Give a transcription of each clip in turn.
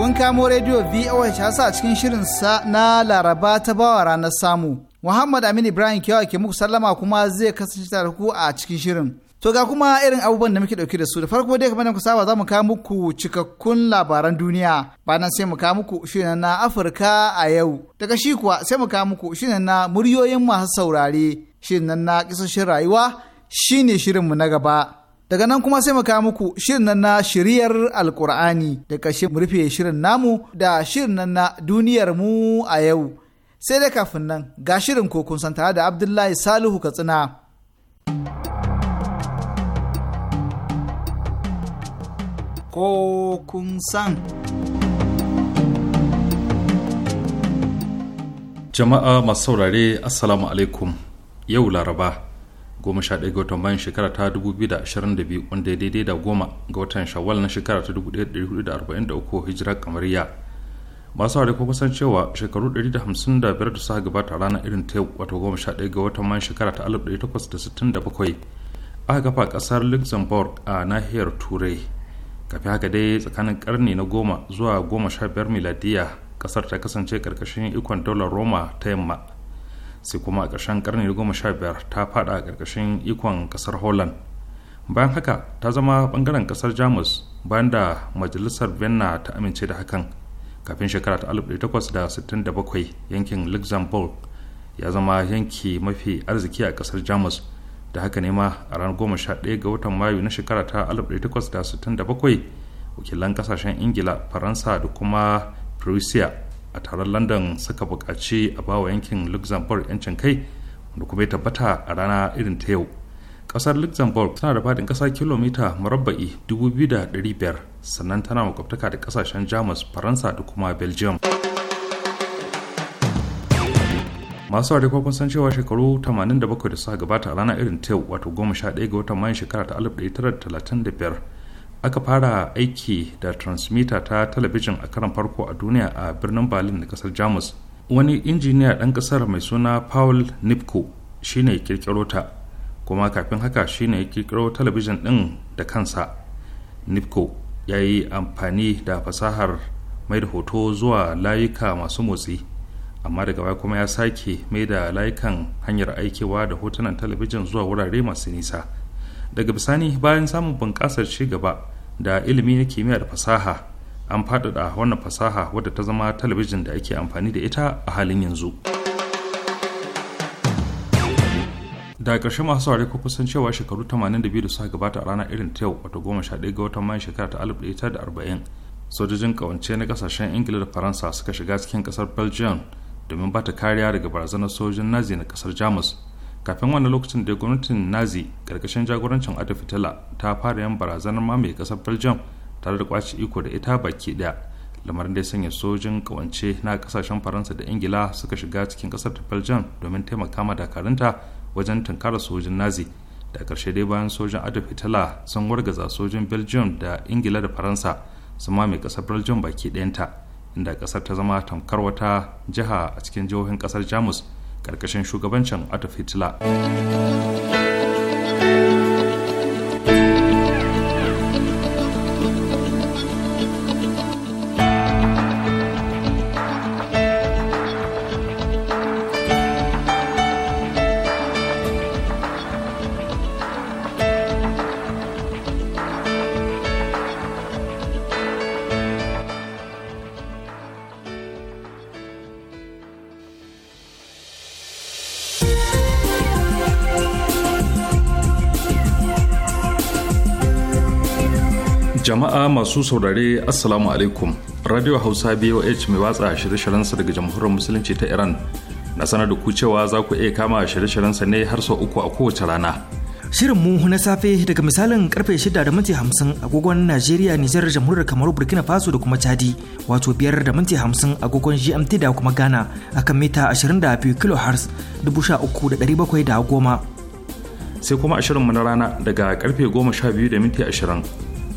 kun kamo rediyo VOH ya a cikin shirin sa na Laraba ta bawa ranar samu. Muhammad Aminu Ibrahim Kiyawa ke muku sallama kuma zai kasance tare ku a cikin shirin. To ga kuma irin abubuwan da muke dauke da su da farko dai kamar ku saba za mu kawo muku cikakkun labaran duniya bayan sai mu kawo muku shirin na Afirka a yau. Daga shi kuwa sai mu kawo muku shirin na muryoyin masu saurare shirin na kisashen rayuwa shine mu na gaba. daga nan kuma sai mu kawo muku shirin nan na shiriyar alkur'ani da kashe mu rufe shirin namu da shirin nan na duniyar mu a yau sai dai kafin nan ga shirin ko kun san tare da abdullahi salihu katsina ko kun san jama'a masu saurare assalamu alaikum yau laraba goma sha ɗaya ga watan bayan shekara ta biyu wanda ya daidai da goma ga watan shawwal na shekara ta hijira kamar ya masu haɗe ko kusan cewa shekaru ɗari da hamsin da da biyar suka gabata rana irin ta wato goma sha ɗaya ga watan bayan shekara ta alif ɗari takwas da da sittin bakwai aka kafa ƙasar luxembourg a nahiyar turai kafin haka dai tsakanin karni na goma zuwa goma sha biyar miladiya ƙasar ta kasance ƙarƙashin ikon daular roma ta yamma sai kuma a ƙarshen ƙarni goma sha biyar ta faɗa a ƙarƙashin ikon ƙasar holland bayan haka ta zama ɓangaren ƙasar jamus bayan da majalisar vienna ta amince da hakan kafin shekara ta 1867 yankin luxembourg ya zama yanki mafi arziki a ƙasar jamus da haka ne ma a ranar ɗaya ga watan mayu na shekara ta 1867 wakilan ƙasashen ingila faransa da kuma prussia a taron london suka buƙaci a bawa yankin luxembourg 'yancin kai wanda kuma ya tabbata a rana irin ta yau ƙasar luxembourg tana da faɗin ƙasa kilomita murabba'i 2,500 sannan tana makwabtaka da ƙasashen jamus faransa da kuma belgium masu ware kun san cewa shekaru 87 da suka gabata a rana irin ta yau wato 11 ga watan mayan shekara ta 1935 aka fara aiki da transmitter ta talabijin a karan farko a duniya a birnin berlin da kasar jamus wani injiniya ɗan ƙasar mai suna paul nipko shine ya ta kuma kafin haka shine ya kirkiro talabijin ɗin da kansa nipko ya yi amfani da fasahar mai da hoto zuwa layuka masu motsi amma daga baya kuma ya sake mai da layukan hanyar aikewa da hotunan talabijin zuwa wurare masu nisa daga bisani bayan samun bunƙasar ci gaba da ilimi na kimiyya da fasaha an faɗaɗa wannan fasaha wadda ta zama talabijin da ake amfani da ita a halin yanzu da ƙarshe masu saurari ko kusan cewa shekaru 82 da suka gabata a ranar irin ta yau wato ɗaya ga watan mayan shekara ta da arba'in sojojin ƙawance na ƙasashen ingila da faransa suka shiga cikin ƙasar belgium domin bata kariya daga barazanar sojojin nazi na ƙasar jamus kafin wani lokacin da gwamnatin nazi karkashin jagorancin adolf hitler ta fara yan barazanar mamaye kasar belgium tare da kwace iko da ita baki daya lamarin da ya sanya sojin kawance na kasashen faransa da ingila suka shiga cikin kasar ta belgium domin taimaka ma dakarunta wajen tunkara sojin nazi da karshe dai bayan sojin adolf hitler sun wargaza sojin belgium da ingila da faransa su mamaye kasar belgium baki dayanta inda kasar ta zama tamkar wata jiha a cikin jihohin kasar jamus ƙarƙashin shugabancin adolf hitler jama'a masu saurare assalamu alaikum radio hausa boh mai watsa shirye sa daga jamhuriyar musulunci ta iran na sanar da ku cewa za ku iya kama shirye sa ne har sau uku a kowace rana Shirinmu na safe daga misalin karfe 6 da minti 50 agogon Najeriya, Nijar, Jamhuriyar Kamaru, Burkina Faso da kuma Chadi, wato biyar da minti 50 agogon GMT da kuma Ghana akan mita 22 kHz 13,710. Sai kuma a shirinmu na rana daga karfe goma 12 da minti ashirin.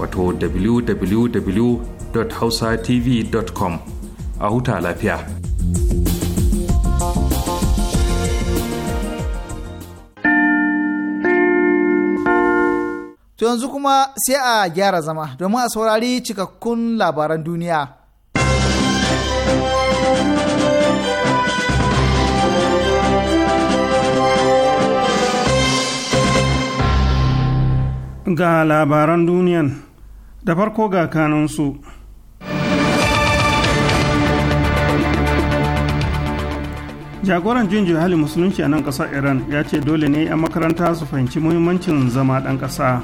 wato www.hausatv.com a huta lafiya. To yanzu kuma sai a gyara zama domin a saurari cikakkun labaran duniya. ga labaran duniyan da farko ga kanunsu jagoran jinjin hali musulunci a nan ƙasar iran ya ce dole ne 'yan makaranta su fahimci muhimmancin zama ɗan ƙasa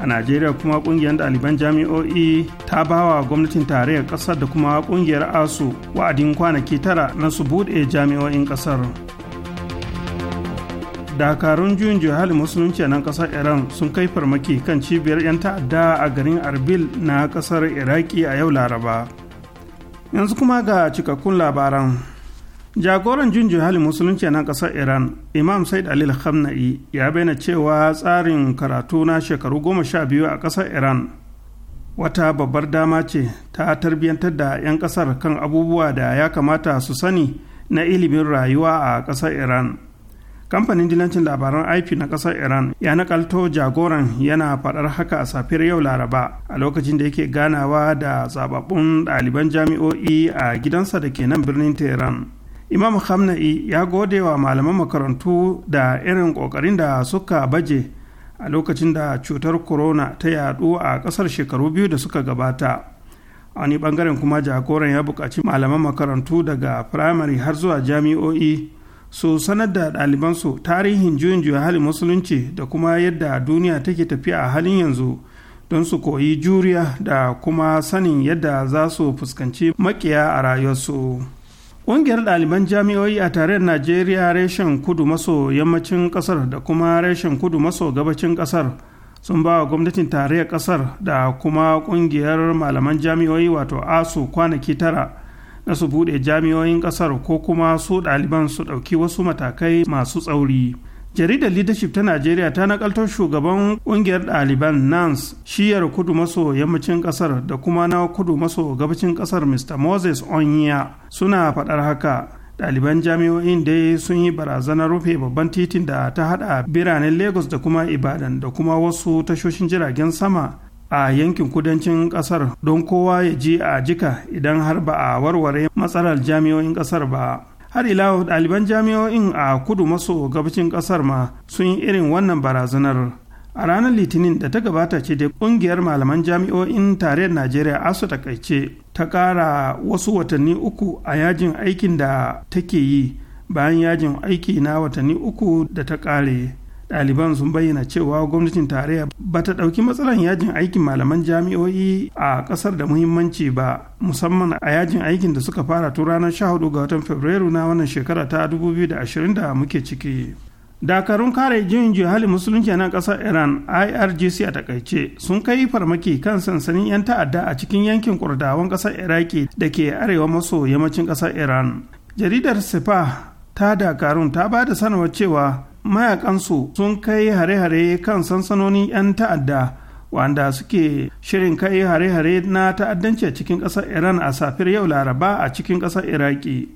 a najeriya kuma ƙungiyar ɗaliban jami'o'i ta bawa gwamnatin tarayyar ƙasar da kuma ƙungiyar asu wa'adin kwanaki tara na su buɗe jami'o'in ƙasar dakarun juyin juhali musulunci a nan kasar iran sun kai farmaki kan cibiyar 'yan ta'adda a garin arbil na kasar iraki a yau laraba yanzu kuma ga cikakkun labaran jagoran juyin juhali musulunci a nan kasar iran imam said alil khamna'i ya bayyana cewa tsarin karatu na shekaru goma sha biyu a kasar iran wata babbar dama ce ta tarbiyyantar da 'yan kasar kan abubuwa da ya kamata su sani na ilimin rayuwa a kasar iran kamfanin dilancin labaran ip na kasar iran ya nakalto jagoran yana faɗar haka a safiyar yau laraba a lokacin da yake ganawa da zababbun ɗaliban jami'o'i a gidansa da ke nan birnin tehran imam hamna'i ya gode wa malaman makarantu da irin ƙoƙarin da suka baje a lokacin da cutar corona ta yaɗu a ƙasar shekaru biyu da suka gabata wani ɓangaren kuma jagoran ya buƙaci malaman makarantu daga firamare har zuwa jami'o'i su sanar da ɗalibansu tarihin juyin juya halin musulunci da kuma yadda duniya take tafiya a halin yanzu don su koyi juriya da kuma sanin yadda za su fuskanci makiya a rayuwarsu. Ƙungiyar ɗaliban jami'o'i a tarayyar Najeriya reshen kudu maso yammacin ƙasar da kuma reshen kudu maso gabacin ƙasar sun ba wa gwamnatin tarayyar ƙasar da kuma ƙungiyar malaman jami'o'i wato asu kwanaki tara na su bude jami'oyin kasar ko kuma su ɗaliban su ɗauki wasu matakai masu tsauri jaridar leadership ta najeriya ta nakaltar shugaban kungiyar ɗaliban nans shiyar kudu maso yammacin kasar da kuma na kudu maso gabacin kasar mr moses onya suna faɗar haka ɗaliban jami'o'in dai sun yi barazanar rufe babban titin da ta hada biranen lagos da kuma ibadan da kuma wasu tashoshin jiragen sama a yankin kudancin kasar don kowa ya ji a jika idan har ba a warware matsalar jami'o'in kasar ba har ila ɗaliban jami'o'in a kudu maso gabacin kasar ma sun yi irin wannan barazanar a ranar litinin da ta gabata ce da kungiyar malaman jami'o'in tarayyar najeriya asu takaice ta kara wasu watanni uku a yajin aikin da take yi bayan yajin aiki na watanni uku da ta kare. ɗaliban sun bayyana cewa gwamnatin tarayya ba ta ɗauki matsalar yajin aikin malaman jami'o'i a ƙasar da muhimmanci ba musamman a yajin aikin da suka fara tun ranar 14 ga watan fabrairu na wannan shekara ta 2020 da muke ciki dakarun kare jin jihali musulunci na ƙasar iran irgc a takaice sun kai farmaki kan sansanin 'yan ta'adda a cikin yankin kurdawan ƙasar iraki da ke arewa maso yammacin ƙasar iran jaridar sefa ta dakarun ta ba da sanarwar cewa mayakansu sun kai hare-hare kan sansanoni 'yan ta'adda wanda suke shirin kai hare-hare na ta'addanci a cikin ƙasar iran a safiyar yau laraba a cikin ƙasar iraki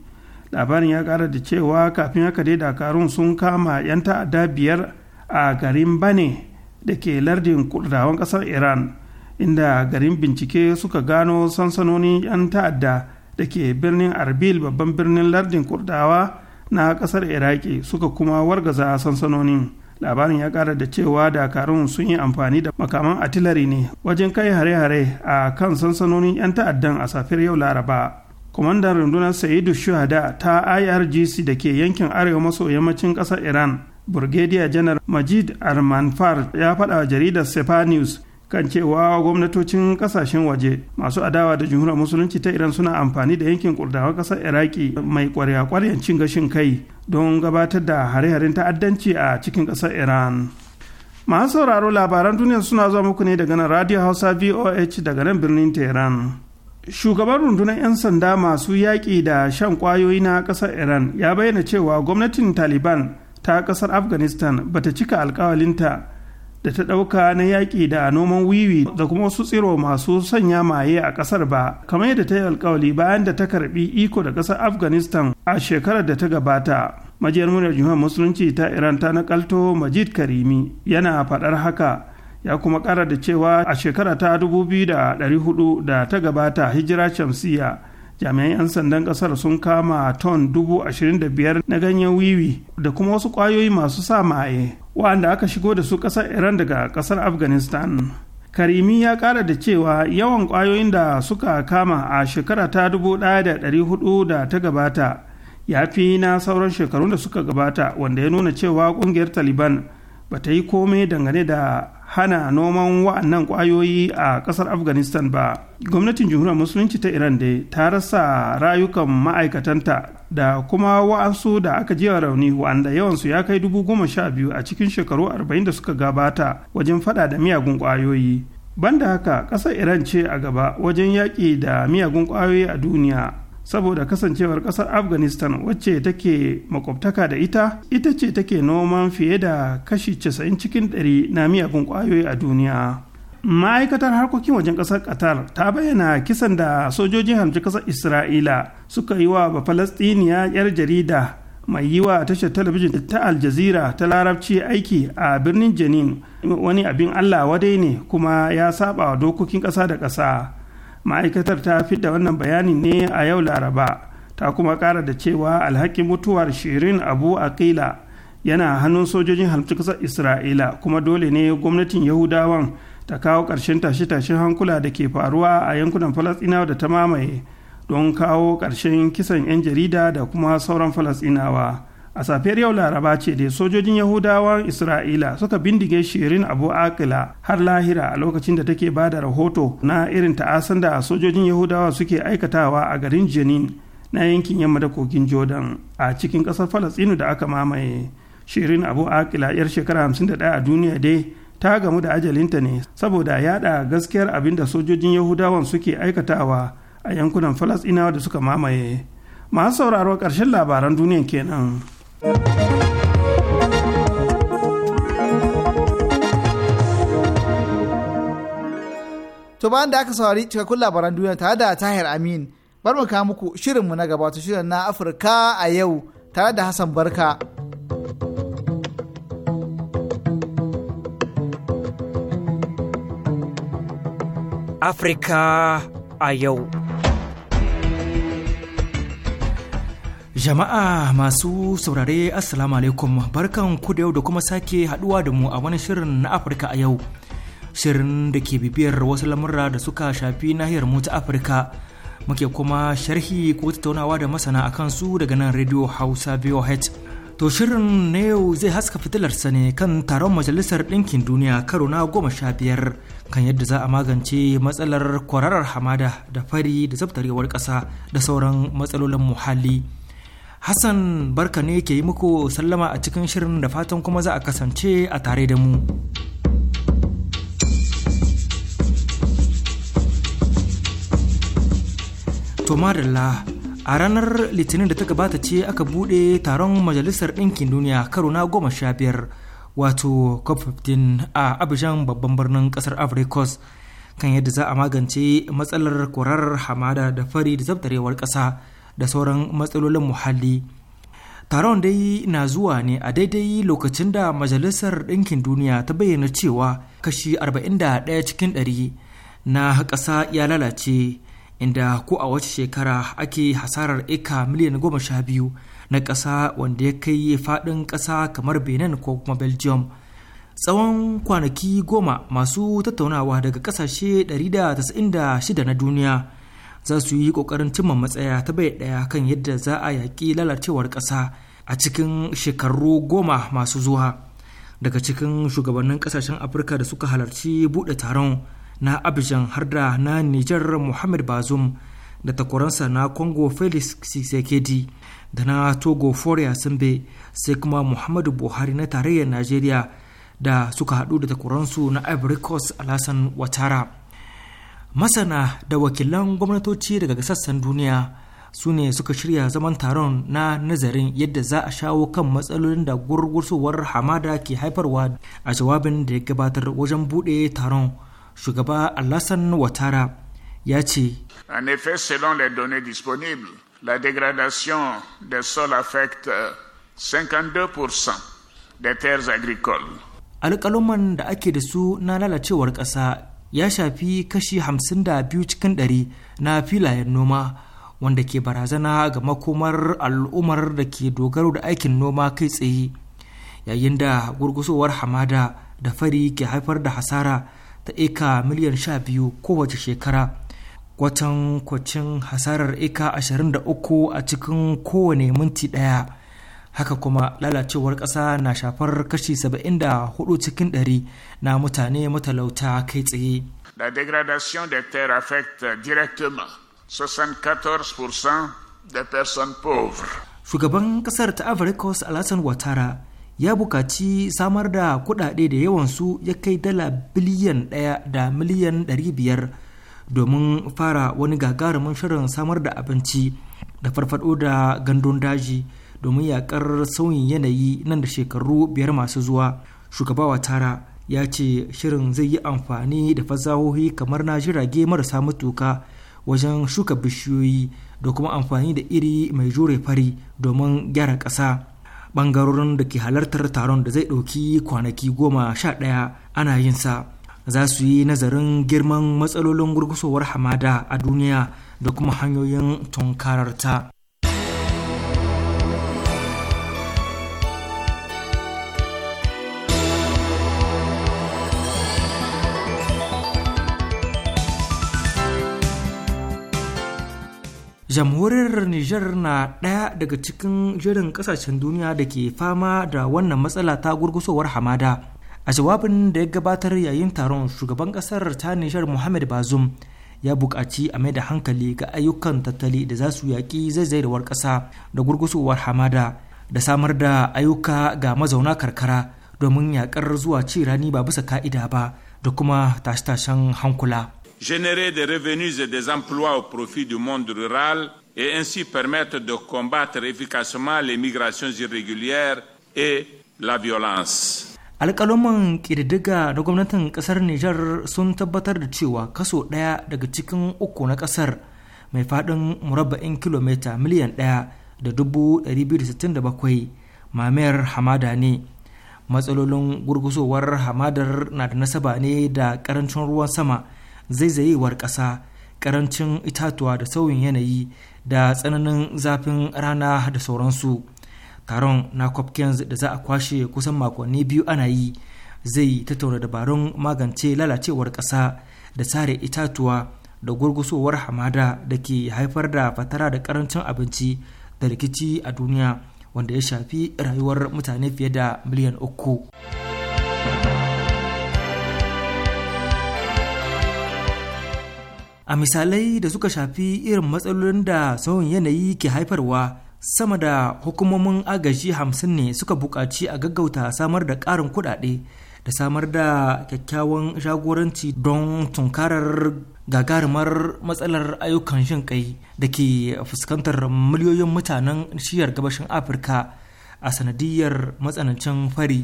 labarin ya ƙara da cewa kafin haka dai dakarun sun kama 'yan ta'adda biyar a garin bane da ke lardin kurdawan ƙasar iran inda garin bincike suka gano sansanoni 'yan ta'adda da ke birnin arbil babban birnin lardin kurdawa na kasar iraki suka kuma wargaza sansanonin labarin ya kara da cewa dakarun sun yi amfani da makaman atilari ne wajen kai hare-hare a kan sansanonin 'yan ta'addan a safiyar yau laraba kwamandan rundunar sayidu shuhada ta irgc da ke yankin arewa maso yammacin kasar iran Brigadier janar Majid Armanfar ya faɗa wa jaridar Sepa News kan cewa gwamnatocin kasashen waje masu adawa da jumhuriyar musulunci ta iran suna amfani da yankin kurdawa kasar iraki mai kwarya-kwaryan cin gashin kai don gabatar da hare-haren ta'addanci a cikin kasar iran masu sauraro labaran duniya suna zuwa muku ne daga nan radio hausa voh daga nan birnin tehran shugaban rundunar 'yan sanda masu yaƙi da shan ƙwayoyi na ƙasar iran ya bayyana cewa gwamnatin taliban ta ƙasar afghanistan bata cika alkawalinta da ta ɗauka na yaƙi da noman wiwi da kuma wasu tsiro masu sanya maye a ƙasar ba kamar yadda ta yi alkawali bayan da ta karɓi iko da ƙasar afghanistan a shekarar da ta gabata majiyar muryar jihar musulunci ta iran ta nakalto majid karimi yana faɗar haka ya kuma ƙara da cewa a shekara ta 2400 da ta gabata hijira shamsiyya. jami'an 'yan sandan kasar sun kama ton dubu ashirin da biyar na ganyen wiwi da kuma wasu kwayoyi masu sa maye wa'anda aka shigo da su kasar iran daga kasar afghanistan karimi ya kara da cewa yawan kwayoyin da suka kama a shekara ta dubu ɗaya da ɗari hudu da ta gabata ya fi na sauran shekarun da suka gabata wanda ya nuna cewa ƙungiyar taliban ba ta yi komai dangane da hana noman wa'annan ƙwayoyi a ƙasar afghanistan ba gwamnatin jihunar musulunci ta iran da ta rasa rayukan ma'aikatanta da kuma wa'ansu da aka jiya rauni wa'anda yawansu ya kai dubu goma sha biyu a cikin shekaru arba'in da suka gabata wajen fada da miyagun ƙwayoyi banda haka ƙasar iran ce a gaba wajen yaƙi da miyagun ƙwayoyi a duniya saboda kasancewar kasar afghanistan wacce take makwabtaka da ita ita ce take noman fiye da kashi 90 cikin 100 na miyagun kwayoyi a duniya ma'aikatar harkokin wajen kasar qatar ta bayyana kisan da sojojin hamci kasar isra'ila suka yi wa ba falastiniya yar jarida mai yi wa tashar talabijin ta al jazeera ta larabci aiki a birnin jenin wani abin allah wadai ne kuma ya saba dokokin kasa da kasa ma'aikatar ta fidda wannan bayanin ne a yau laraba ta kuma kara da cewa alhakin mutuwar shirin abu akila yana hannun sojojin kasar isra'ila kuma dole ne gwamnatin yahudawan ta kawo ƙarshen tashe-tashen hankula da ke faruwa a yankunan falasɗinawa da ta mamaye don kawo karshen kisan 'yan jarida da kuma sauran falasɗinawa a safiyar yau laraba ce dai sojojin yahudawan isra'ila suka bindige shirin abu akila har lahira a lokacin da take ba da rahoto na irin ta'asan da sojojin yahudawa suke aikatawa a garin jenin na yankin yamma da kogin jordan a cikin kasar falastinu da aka mamaye shirin abu akila yar shekara 51 a duniya dai ta gamu da ajalinta ne saboda yada gaskiyar abin da sojojin yahudawan suke aikatawa a yankunan falastinawa da suka mamaye masu sauraro ƙarshen labaran duniyan kenan. To bayan da aka saurari cikakkun labaran duniya tare da Tahir Amin, bar mu kawo muku shirinmu na gaba ta shirin na Afirka a yau tare da Hassan Barka. Afirka a yau. Jama'a masu saurare Assalamu alaikum barkan ku da yau da kuma sake haduwa da mu a wani shirin na Afirka a yau. Shirin da ke bibiyar wasu lamurra da suka shafi nahiyar mu ta Afirka. Muke kuma sharhi ko tattaunawa da masana a kansu daga nan Radio Hausa VOH. To shirin na yau zai haska fitilarsa ne kan taron Majalisar Ɗinkin Duniya karo na goma sha biyar kan yadda za a magance matsalar kwararar hamada da fari da zabtarewar ƙasa da sauran matsalolin muhalli. Hassan barka ne ke yi muku sallama a cikin shirin da fatan kuma za a kasance a tare da mu. To madalla a ranar litinin da ta gabata ce aka bude taron majalisar ɗinkin duniya karo na goma sha biyar wato cop 15 a abidjan babban birnin ƙasar africos kan yadda za a magance matsalar korar hamada da fari da zabtarewar ƙasa da sauran matsalolin muhalli taron dai na zuwa ne a daidai lokacin da majalisar ɗinkin duniya ta bayyana cewa kashi 41 cikin 100 na ƙasa ya lalace inda ko a wace shekara ake hasarar eka miliyan goma sha biyu na ƙasa wanda ya kai faɗin ƙasa kamar benin ko kuma belgium tsawon kwanaki goma masu tattaunawa daga ƙasashe 196 na duniya za su yi kokarin cimma matsaya ta bai daya kan yadda za a yaƙi lalacewar ƙasa a cikin shekaru goma masu zuwa daga cikin shugabannin ƙasashen afirka da suka halarci buɗe taron na abidjan har da na nijar muhammad bazum da takwaransa na congo felix sisekedi da na togo foria simbe sai kuma muhammadu buhari na tarayyar najeriya da suka haɗu da takwaransu na ivory coast alasan watara masana da wakilan gwamnatoci daga sassan duniya su ne suka shirya zaman taron na nazarin yadda za a shawo kan matsalolin da gurgusowar hamada ke haifarwa a jawabin da ya gabatar wajen buɗe taron shugaba alasan watara ya ce en selon les données disponibles la dégradation des sols affecte 52% des terres agricoles alƙaluman da ake da su na lalacewar ƙasa ya shafi kashi biyu cikin ɗari na filayen noma wanda ke barazana ga makomar al'ummar da ke dogaro da aikin noma kai tsaye yayin da gurgusowar hamada da fari ke haifar da hasara ta eka miliyan 12 kowace shekara kwatan kwacin hasarar eka 23 a cikin kowane minti ɗaya. haka kuma lalacewar ƙasa na shafar kashi saba'in da 74 cikin 100 na mutane matalauta kai tsaye la dégradation des terres affecte directement 74% des personnes pauvres shugaban ƙasar ta africa's Alassane watara ya buƙaci samar da kuɗaɗe da yawansu ya kai dala biliyan ɗaya da miliyan ɗari biyar domin fara wani gagarumin shirin samar da abinci da farfado da gandun daji domin yakar sauyin yanayi nan da shekaru biyar masu zuwa shugaba watara ya ce shirin zai yi amfani da fasahohi kamar na jirage marasa matuka wajen shuka bishiyoyi da kuma amfani da iri mai jure fari domin gyara ƙasa ɓangarorin da ke halartar taron da zai ɗauki kwanaki goma sha ɗaya ana yin sa za su yi nazarin girman matsalolin gurgusowar hamada a duniya da kuma hanyoyin tunkararta. jamhuriyar niger na ɗaya daga cikin jirin ƙasashen duniya da ke fama da wannan matsala ta gurgusowar hamada a jawabin da ya gabatar yayin taron shugaban ƙasar ta niger muhammad bazum ya buƙaci a mai da hankali ga ayyukan tattali da za su yaƙi zaizayewar ƙasa da gurgusowar hamada da samar da ayyuka ga mazauna karkara domin yaƙar zuwa ci rani ba bisa ka'ida ba da kuma tashe-tashen hankula. générer des revenus et des emplois au profit du monde rural et ainsi permettre de combattre efficacement les migrations irrégulières et la violence. alƙaluman ƙididdiga na gwamnatin ƙasar Nijar sun tabbatar da cewa kaso ɗaya daga cikin uku na ƙasar mai faɗin murabba'in kilomita miliyan ɗaya da dubu ɗari biyu da sittin da bakwai mamayar hamada ne matsalolin gurgusowar hamadar na da nasaba ne da ƙarancin ruwan sama zaizayewar ƙasa ƙarancin itatuwa da sauyin yanayi da tsananin zafin rana da sauransu taron na copkins da za a kwashe kusan makonni biyu ana yi zai tattauna dabarun magance lalacewar ƙasa da sare itatuwa da gurgusowar hamada da ke haifar da fatara da ƙarancin abinci da rikici a duniya wanda ya shafi rayuwar mutane fiye da miliyan uku. a misalai da suka shafi irin matsalolin da sauyin yanayi ke haifarwa sama da hukumomin agaji hamsin ne suka buƙaci a gaggauta samar da ƙarin kuɗaɗe da samar da kyakkyawan jagoranci don tunkarar gagarumar matsalar ayyukan shin kai da ke fuskantar miliyoyin mutanen shiyar gabashin afirka a sanadiyar matsanancin fari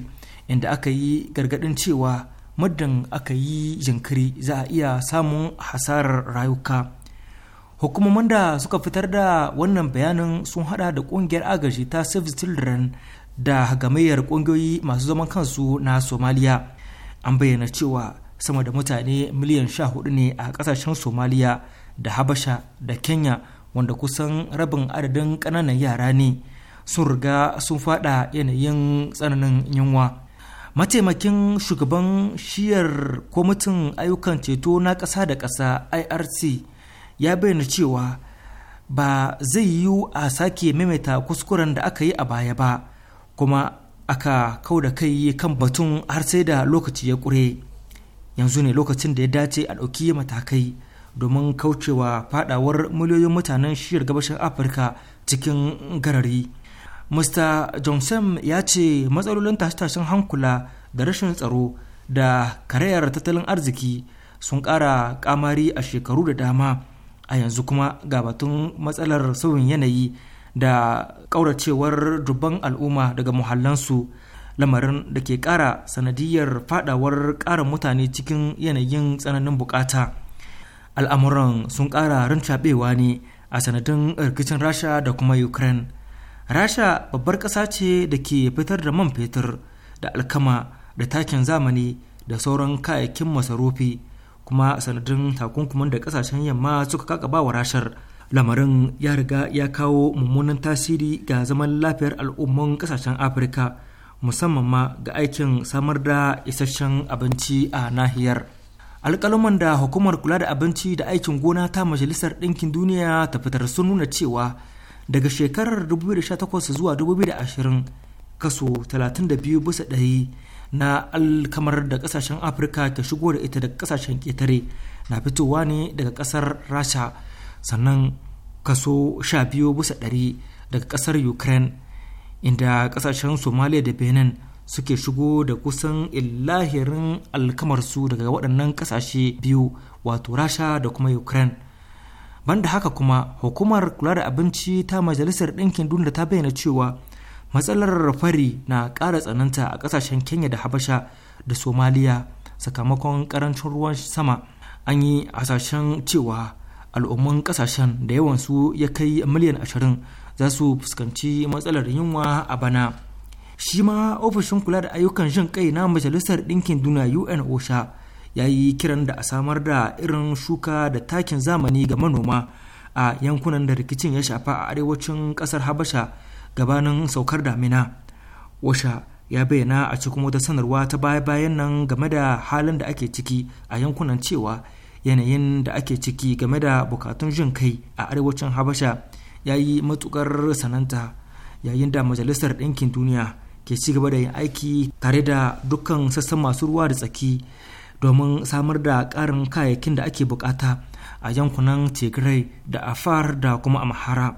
inda aka yi gargaɗin cewa muddin aka yi jinkiri za a iya samun hasarar rayuka hukumomin da suka fitar da wannan bayanin sun hada da kungiyar agaji ta save children da gamayyar kungiyoyi masu zaman kansu na somaliya an bayyana cewa sama da mutane miliyan sha hudu ne a kasashen somaliya da habasha da kenya wanda kusan rabin adadin ƙananan yara ne sun riga sun fada yanayin tsananin yunwa mataimakin shugaban shiyar kwamitin ayyukan ceto na ƙasa da ƙasa irc ya bayyana cewa ba zai yiwu a sake maimaita kuskuren da aka yi a baya ba kuma aka kau da kai kan batun har sai da lokaci ya ƙure yanzu ne lokacin da ya dace a ɗauki matakai domin kaucewa fadawar miliyoyin mutanen shiyar gabashin afirka cikin garari mr johnson ya ce matsalolin tashe-tashen hankula da rashin tsaro da karayar tattalin arziki sun ƙara kamari a shekaru da dama a yanzu kuma ga batun matsalar sauyin yanayi da ƙauracewar dubban al'umma daga muhallansu lamarin da ke ƙara sanadiyar fadawar ƙara mutane cikin yanayin tsananin bukata al'amuran sun ƙara rincaɓewa ne a sanadin rikicin rasha da kuma ukraine rasha babbar ƙasa ce da ke fitar da man fetur da alkama da takin zamani da sauran kayayyakin masarufi kuma sanadin takunkuman da ƙasashen yamma suka kakaba wa rashar lamarin ya riga ya kawo mummunan tasiri ga zaman lafiyar al'umman ƙasashen afirka musamman ma ga aikin samar da isasshen abinci a nahiyar alƙaluman da hukumar kula da abinci da aikin gona ta majalisar ɗinkin duniya ta fitar sun nuna cewa daga shekarar 2018 zuwa 2020 kaso 32 bisa ɗari na alkamar da ƙasashen afirka ke shigo da ita daga ƙasashen ƙetare na fitowa ne daga ƙasar rasha sannan kaso 12 bisa ɗari daga ƙasar ukraine inda ƙasashen somalia da benin suke shigo da kusan illahirin alkamarsu daga waɗannan ƙasashe biyu wato rasha da kuma ukraine banda haka kuma hukumar kula da abinci ta majalisar ɗinkin duniya ta bayyana cewa matsalar fari na ƙara tsananta a ƙasashen kenya da habasha da somaliya sakamakon ƙarancin ruwan sama an yi hasashen cewa al'umman ƙasashen da yawansu ya kai miliyan ashirin za su fuskanci matsalar yunwa a bana shi ma ofishin kula da ayyukan jin kai na majalisar ɗinkin duniya un osha ya yi kiran da a samar da irin shuka da takin zamani ga manoma a yankunan da rikicin ya shafa a arewacin kasar habasha gabanin saukar damina washa ya bayyana a cikin wata sanarwa ta baya-bayan nan game da halin da ake ciki a yankunan cewa yanayin da ake ciki game da bukatun jin kai a arewacin habasha ya yi matukar sananta yayin da majalisar ɗinkin duniya ke ci gaba da yin aiki tare da dukkan sassan masu ruwa da tsaki domin samar da ƙarin kayayyakin da ake bukata a yankunan tigray da afar da kuma amhara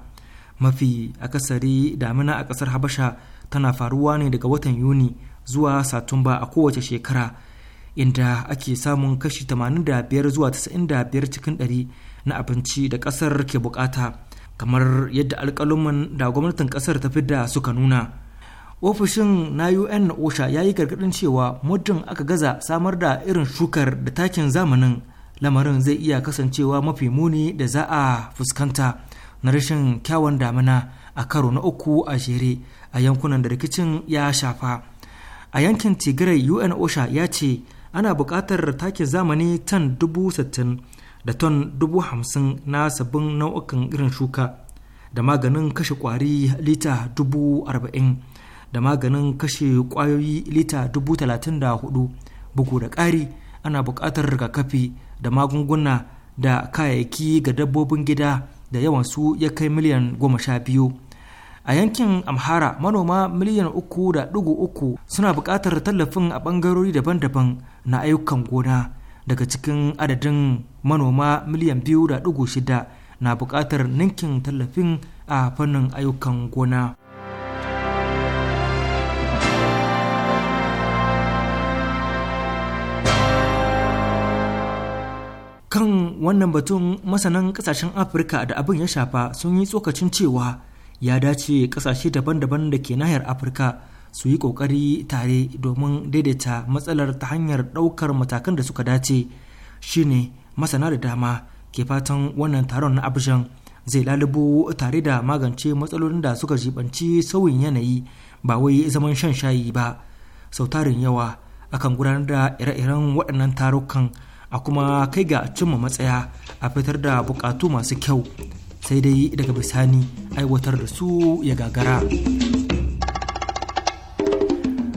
mafi akasari damina a ƙasar habasha tana faruwa ne daga watan yuni zuwa satumba a kowace shekara inda ake samun kashi 85 zuwa 95 cikin 100 na abinci da ƙasar ke bukata kamar yadda alƙaluman da gwamnatin ƙasar ta fidda suka nuna ofishin na un osha ya yi gargadin cewa muddin aka gaza samar da irin shukar da takin zamanin lamarin zai iya kasancewa mafi muni da za a fuskanta na rashin kyawun damina a karo na uku a shere a yankunan da rikicin ya shafa a yankin tigray un osha ya ce ana buƙatar takin zamani tan dubu da ton dubu hamsin na sabbin nau'ukan irin shuka da maganin kashe kwari lita dubu arba'in da maganin kashe kwayoyi lita hudu bugu da ƙari ana buƙatar rigakafi da magunguna da kayayyaki ga dabbobin gida da yawan su ya kai miliyan goma sha biyu a yankin amhara manoma miliyan uku da uku suna buƙatar tallafin a ɓangarori daban-daban na ayyukan gona daga cikin adadin manoma miliyan biyu da dugu shida na buƙatar ninkin tallafin a fannin ayyukan gona. kan wannan batun masanan kasashen afirka da abin ya shafa sun yi tsokacin cewa ya dace kasashe daban-daban da ke nahiyar afirka su yi kokari tare domin daidaita matsalar ta hanyar daukar matakan da suka dace shine masana da dama ke fatan wannan taron na abidjan zai lalubo tare da magance matsalolin da suka jibanci sauyin yanayi ba wai zaman shan shayi ba sau tarin yawa akan gudanar da ire-iren waɗannan tarukan a kuma kai ga cimma matsaya a fitar da bukatu masu kyau sai dai daga bisani aiwatar da su ya gagara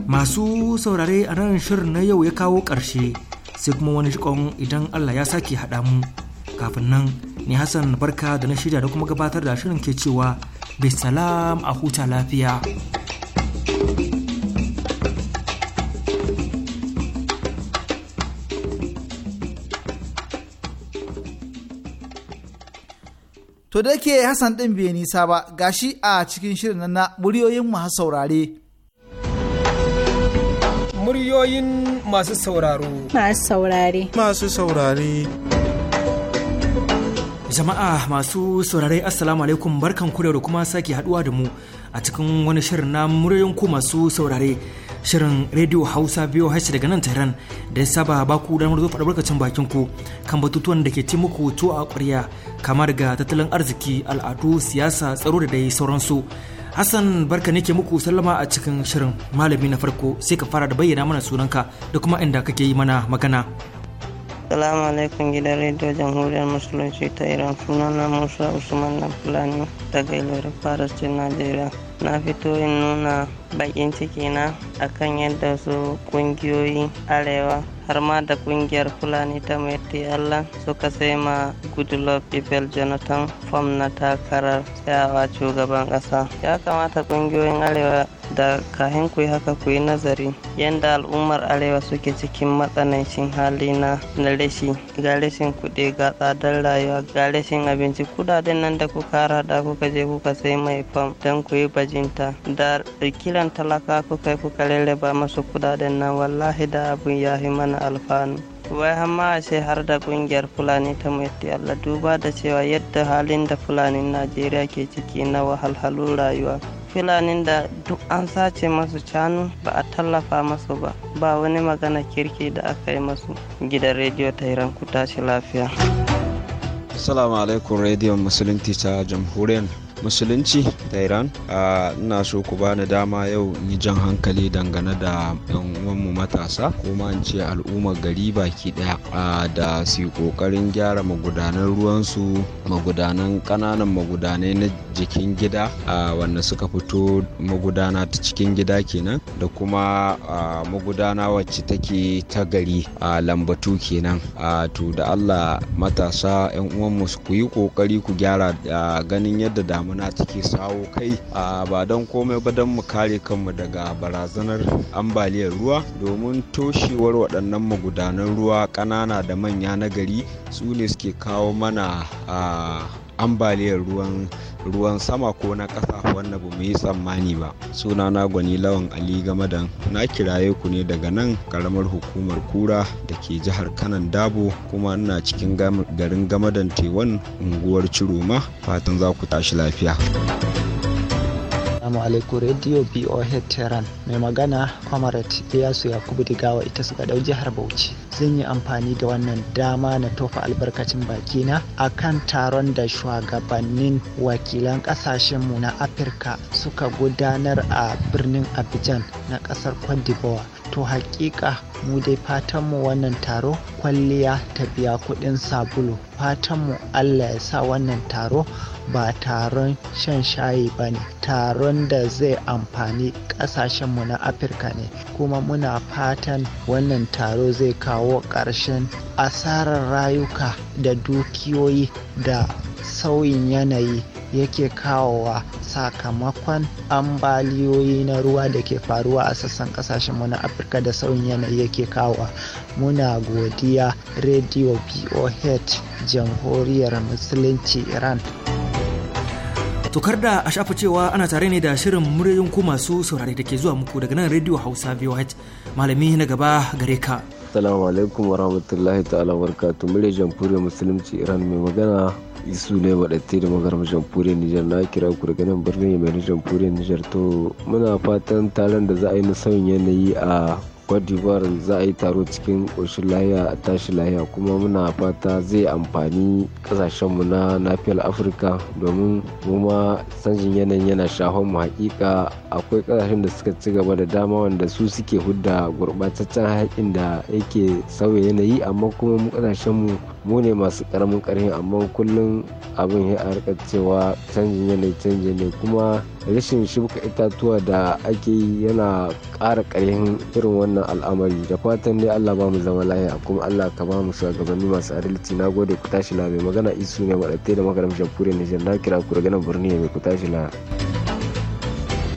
masu saurare a nan shirin na yau ya kawo ƙarshe sai kuma wani shikon idan allah ya sake haɗa mu kafin nan ne hassan barka da na shirya da kuma gabatar da shirin ke cewa bisalam a huta lafiya. To da ke Hassan ɗin bai nisa ba gashi a cikin shirin na muryoyin masu saurare. Muryoyin masu sauraro. Masu saurare. Masu saurare. Jama'a masu saurare Assalamu alaikum barkan kure da kuma sake haduwa da mu a cikin wani shirin na muryoyin ku masu saurare. shirin rediyo hausa biyu hashi daga nan tehran da ya saba ba ku damar zo faɗa barkacin bakin ku kan batutuwan da ke ci muku to a ƙwarya kamar ga tattalin arziki al'adu siyasa tsaro da dai sauransu hassan barka ne ke muku sallama a cikin shirin malami na farko sai ka fara da bayyana mana sunanka da kuma inda kake yi mana magana salamu alaikum gidan rediyo jamhuriyar musulunci ta Iran sunana Musa Usman na Fulani daga Ilorin Faras Najeriya. na fito in nuna bakin cikina akan yadda su kungiyoyi arewa har ma da kungiyar fulani ta mai allah suka sai ma goodluck people jonathan form na takarar tsayawa shugaban kasa ya kamata kungiyoyin arewa da kayan ku yi haka ku yi nazari yadda al'ummar arewa suke cikin matsanancin hali na rashi ga rashin kuɗi ga tsadar rayuwa ga rashin abinci kudaden nan da kuka rada kuka je kuka sai mai fam don ku yi bajinta da kiran talaka kuka kuka rarraba masu kudaden nan wallahi da abin ya fi mana alfanu wai hamma ce har da ƙungiyar fulani ta mai Allah duba da cewa yadda halin da fulanin najeriya ke ciki na wahalhalun rayuwa filanin da duk an sace masu canu ba a tallafa masu ba ba wani magana kirki da aka yi masu gidan rediyo ta iran ku tashi lafiya assalamu alaikum rediyon musulunci ta jamhuriyar musulunci da iran ina so ku bani dama yau ni jan hankali dangane da yan uwanmu matasa kuma in ce al'ummar gari baki daya da su kokarin gyara magudanan ruwansu magudanan kananan magudanai na jikin gida wanda suka fito magudana ta cikin gida kenan da kuma magudana wacce take ta gari a lambatu kenan to da allah matasa yan uwanmu ku yi kokari ku gyara ganin yadda damar muna ciki sawo kai a ba don komai ba don mu kare kanmu daga barazanar ambaliyar ruwa domin toshewar waɗannan magudanan ruwa ƙanana da manya na gari su ne suke kawo mana a ambaliyar ruwan ruwan sama ko na ƙasa wanda ba mu yi tsammani ba suna na gwani lawan ali gamadan na kiraye ku ne daga nan karamar hukumar kura da ke jihar kanan dabo kuma ina cikin garin gamadan tewan unguwar ciroma fatan za ku tashi lafiya Assalamu alaikum Radio BOH Tehran. Mai magana Comrade Iyasu Yakubu Digawa ita suka ɗau jihar Bauchi. Zan yi amfani da wannan dama na tofa albarkacin bakina a kan taron da shugabannin wakilan ƙasashenmu na Afirka suka gudanar a birnin Abidjan na ƙasar Cote To hakika mu dai fatanmu wannan taro kwalliya ta biya kuɗin sabulu. Fatanmu Allah ya sa wannan taro ba taron shan shayi ba ne taron da zai amfani ƙasashenmu na afirka ne kuma muna fatan wannan taro zai kawo ƙarshen asarar rayuka da dukiyoyi da sauyin yanayi yake kawowa sakamakon ambaliyoyi na ruwa da ke faruwa a sassan kasashenmu na afirka da sauyin yanayi yake kawowa muna godiya radio boh jamhuriyar musulunci iran Tokar da a shafa cewa ana tare ne da shirin muryoyin ku masu saurare da ke zuwa muku daga nan Radio Hausa VOH malami na gaba gare ka. Assalamu alaikum wa rahmatullahi ta'ala barkatu mure jamhuriyar musulunci Iran mai magana isu ne maɗatte da ma jamhuriyar Nijar na kira ku daga nan birnin mai jamhuriyar Nijar to muna fatan taron da za a yi na sauyin yanayi a Côte d'ivoire za a yi taro cikin ƙoshin lahiya a tashi lahiya kuma muna fata zai amfani mu na nafiyar afirka domin mu ma canjin yanayin yana shafar mu hakika akwai ƙasashen da suka ci gaba da dama wanda su suke hudda gurɓataccen haƙin da yake sauya yanayi amma kuma mu ƙasashenmu mu ne masu karamin karfi amma kullum abin ya harkar cewa canjin yanayi canji ne kuma rashin shuka itatuwa da ake yi yana ƙara karfin irin wannan al'amari da fatan ne Allah ba mu zama lahiya kuma Allah ka ba mu shugabanni masu adalci na gode ku tashi la mai magana isu ne maɗatai da makaramshin fure na kira ku daga nan birni mai ku tashi la.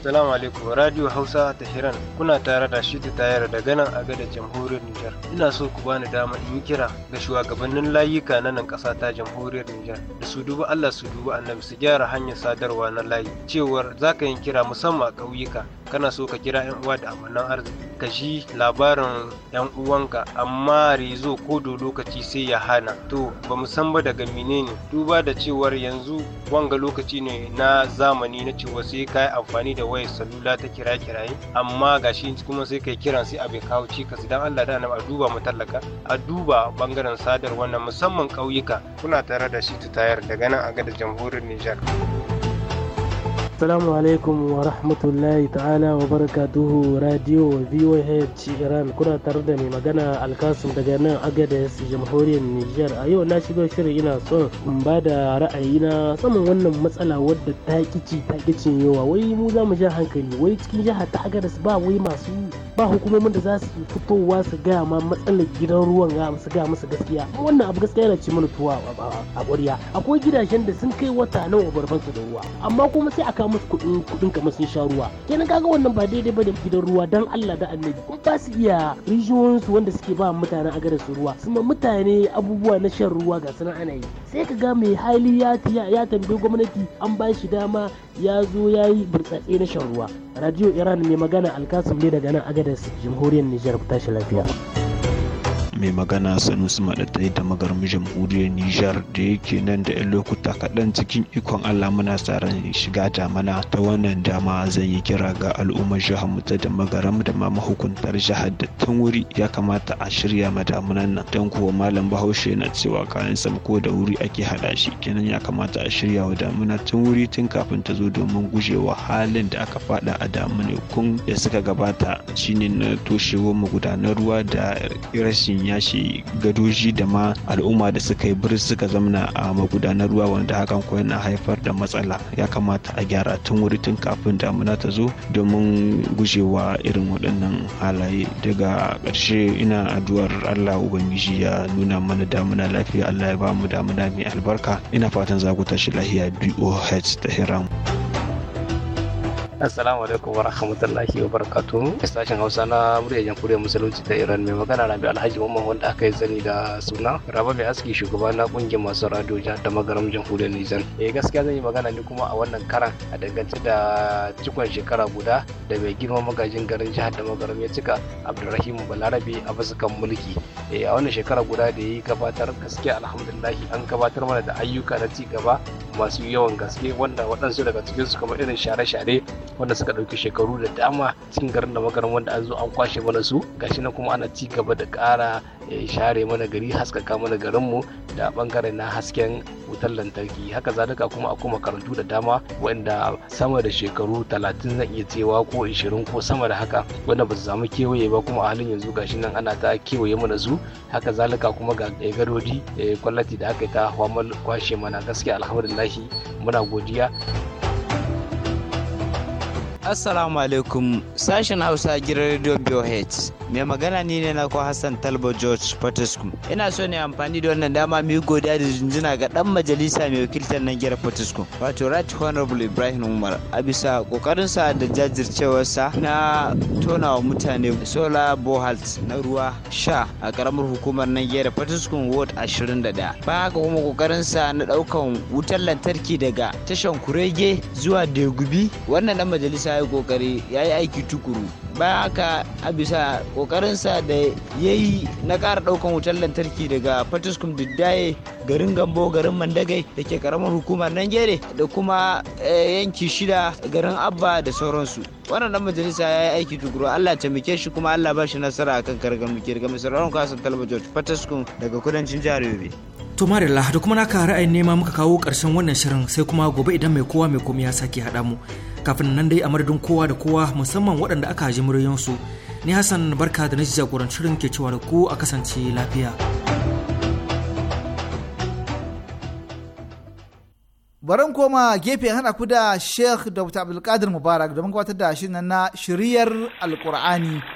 Assalamu alaikum Radio Hausa ta Hiran kuna tare da shi ta tayar daga nan a gada jamhuriyar Nijar. Ina so ku bani dama in yi kira ga shugabannin layuka na nan ƙasa ta jamhuriyar Nijar da su duba Allah su duba annabi su gyara hanyar sadarwa na layi cewar za ka yi kira musamman a ƙauyuka kana so ka kira 'yan uwa da amannan arziki ka ji labarin 'yan uwanka amma rezo ko do lokaci sai ya hana to ba san ba daga menene duba da cewar yanzu wanga lokaci ne na zamani na cewa sai ka yi amfani da wayar salula ta kira kiraye amma gashi kuma sai kai kiran sai abin kawo cikas idan Allah da a duba mu a duba bangaren sadarwa na musamman ƙauyuka kuna tare da shi ta tayar daga nan a gada jamhuriyar Nijar. Assalamu alaikum wa rahmatullahi ta'ala wa duhu radio VOH Iran kuna tare da mai magana alkasun daga nan Agadez jamhuriyar Nijar a yau na shigo shirin ina son in ba da ra'ayina saman wannan matsala wadda ta kici ta kici yawa wai mu za mu ja hankali wai cikin jiha ta Agadez ba wai masu ba hukumomin da za su fitowa su gaya ma matsalar gidan ruwan ga su gaya masa gaskiya wannan abu gaskiya yana ci mana tuwa a ƙwarya akwai gidajen da sun kai wata nawa barbansu da ruwa amma kuma sai aka musu kuɗin kuɗin kamar sun sha ruwa kenan kaga wannan ba daidai ba da gidan ruwa dan Allah da annabi kuma ba su iya rijiyoyinsu wanda suke ba mutanen garin su ruwa kuma mutane abubuwa na shan ruwa ga sana'a ana yi sai kaga mai hali ya ya tambayi gwamnati an ba shi dama ya zo ya yi burtsatse na shan ruwa radio iran mai magana alkasim ne daga nan agadas jamhuriyar nijar shi lafiya mai magana su maɗatai da magarin jamhuriyar nijar da yake nan da 'yan lokuta kaɗan cikin ikon allah muna tsarin shiga mana ta wannan dama zan yi kira ga al'ummar jihar mu ta da magaram da ma mahukuntar jihar da tun wuri ya kamata a shirya ma damunan nan don kuwa malam bahaushe na cewa kayan sam ko da wuri ake haɗa shi kenan ya kamata a shirya wa damuna tun wuri tun kafin ta zo domin gujewa halin da aka faɗa a damunakun da suka gabata shine na toshewar magudanar ruwa da rashin yashi shi gadoji da ma al'umma da suka yi birni suka zamana a magudanar ruwa wanda hakan ko yana haifar da matsala ya kamata a gyara tun wuri tun kafin damuna ta zo domin gujewa irin waɗannan halaye daga ƙarshe ina addu'ar Allah ubangiji ya nuna mana damuna lafiya Allah ya ba mu damuna mai albarka ina fatan za ku tashi lahiya BOH ta hiram. Assalamu alaikum wa rahmatullahi wa barakatuhu. Sashen Hausa na muryar Jamhuriyar Musulunci ta Iran mai magana Rabi Alhaji Umar wanda aka yi zani da suna Raba mai aski shugaba na kungiyar masu radio jihar da magaram Jamhuriyar Nijar. Eh gaskiya zan yi magana ne kuma a wannan karan a dangance da cikon shekara guda da mai girma magajin garin jihar da magaram ya cika Abdulrahim Balarabe a basukan mulki. Eh a wannan shekara guda da ya gabatar gaskiya alhamdulillah an gabatar mana da ayyuka na ci gaba masu yawan gaske wanda waɗansu daga cikinsu kamar irin share-share wanda suka ɗauki shekaru da dama cikin garin da magaran wanda an zo an kwashe mana su gashi na kuma ana ci gaba da ƙara eh, share mana gari haskaka mana garinmu da ɓangare na hasken wutar lantarki haka zalika kuma akwai makarantu da dama wanda sama da shekaru talatin zan iya cewa ko ishirin ko sama da haka wanda ba su samu kewaye ba kuma a halin yanzu gashi nan ana ta kewaye mana su haka zalika kuma ga eh, gadodi eh, kwallati da aka yi ta kwashe mana gaskiya alhamdulillahi muna godiya Assalamu alaikum sashen Hausa gidan Radio BOH. mai magana ni ne na ko hassan talba george fortescue ina so ne amfani da wannan dama mu godiya da jinjina ga dan majalisa mai wakiltar nan gyara fortescue wato right honorable ibrahim umar a bisa kokarinsa da jajircewarsa na tona wa mutane solar bohalt na ruwa sha a karamar hukumar nan gyara fortescue ward 21 ba haka kuma kokarinsa na daukan wutar lantarki daga tashan kurege zuwa degubi wannan dan majalisa ya yi kokari ya yi aiki tukuru ba haka a bisa kokarinsa da ya yi na ƙara ɗaukan wutar lantarki daga fatiskum diddaye garin gambo garin mandagai da ke karamar hukumar nangere da kuma eh, yanki shida garin abba da sauransu wannan majalisa ya yi aiki tukuru allah taimake shi kuma allah ba shi nasara akan kargar muke daga misalin kwasan talba george daga kudancin jihar yobe To Marilla da kuma ka ra'ayin nema muka kawo ƙarshen wannan shirin sai kuma gobe idan mai kowa mai komai ya sake haɗa mu. Kafin nan dai a madadin kowa da kowa musamman waɗanda aka ji muryoyinsu. Ni Hassan barka da na jagoran shirin ke cewa da ku a kasance lafiya. Baran koma gefe hana ku da Sheikh Dr. Abdulkadir Mubarak da mun gabatar da shirin na shiriyar Alƙur'ani.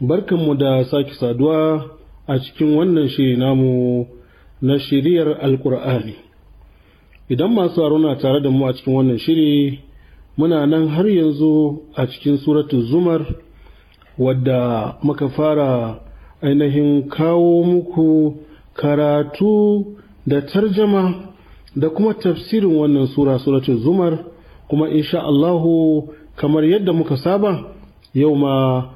Barkanmu da sake saduwa a cikin wannan shiri namu na shiriyar Alƙur'ani. Idan masu na tare da mu a cikin wannan shiri, muna nan har yanzu a cikin suratu Zumar wadda muka fara ainihin kawo muku karatu da tarjama da kuma tafsirin wannan sura suratun Zumar kuma insha Allahu kamar yadda muka saba yau ma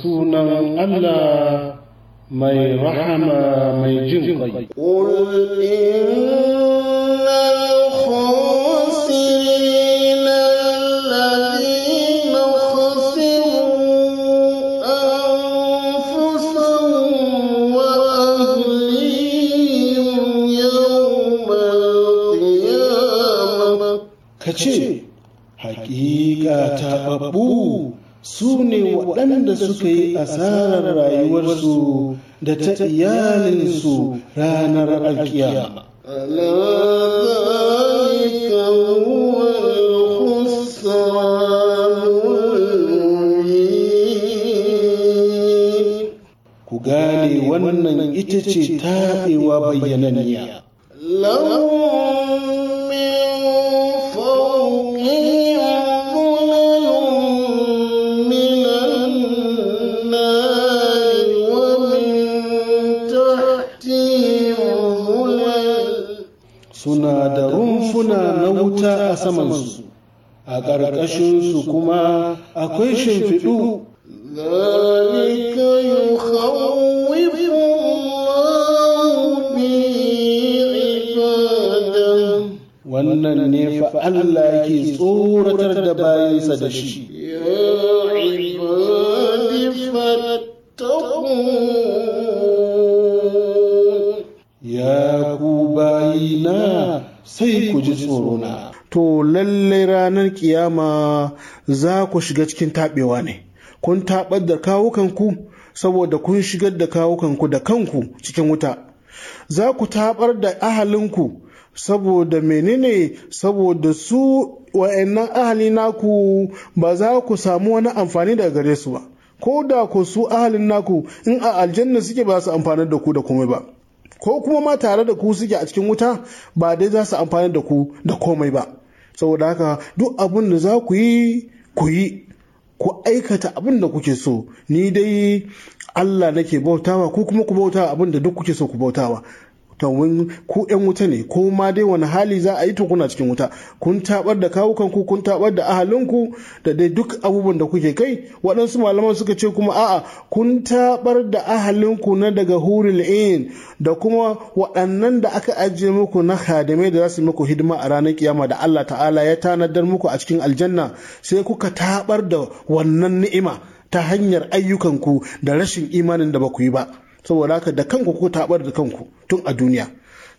سكونا ألا ما رحم ما قل إن suka yi asarar rayuwarsu da ta iyalinsu ranar alkiyama. Ku gane wannan ita ce taɗewa bayyananniya. a samansu a ƙarƙashinsu kuma akwai shimfiɗu wannan ne fa Allah yake tsoratar da bayansa da shi lallai ranar kiyama za ku shiga cikin taɓewa ne kun taɓar da kawukanku saboda kun shigar da kawukanku da kanku cikin wuta za ku taɓar da ahalinku saboda menene saboda su wa'annan ahali naku ba za ku samu wani amfani daga gare su ba ko da ku su ahalin naku in a aljanna suke ba su amfanar da ku da komai ba ko kuma ma tare da ku suke a cikin wuta ba dai za su amfani da ku da komai ba saboda haka duk abin da za ku yi ku yi ku aikata abin da kuke so ni dai Allah nake bautawa ko kuma ku bauta abin da duk kuke so ku bautawa domin ku yan wuta ne ko ma dai wani hali za a yi to kuna cikin wuta kun tabar da kawukan ku kun tabar da ahalinku da dai duk abubuwan da kuke kai waɗansu malaman suka ce kuma a'a kun tabar da ahalinku na daga huril in da kuma waɗannan da aka ajiye muku na khadimai da za su muku hidima a ranar kiyama da Allah ta'ala ya tanadar muku a cikin aljanna sai kuka tabar da wannan ni'ima ta hanyar ayyukanku da rashin imanin da ba ku yi ba saboda haka da kanku ko tabar da kanku tun a duniya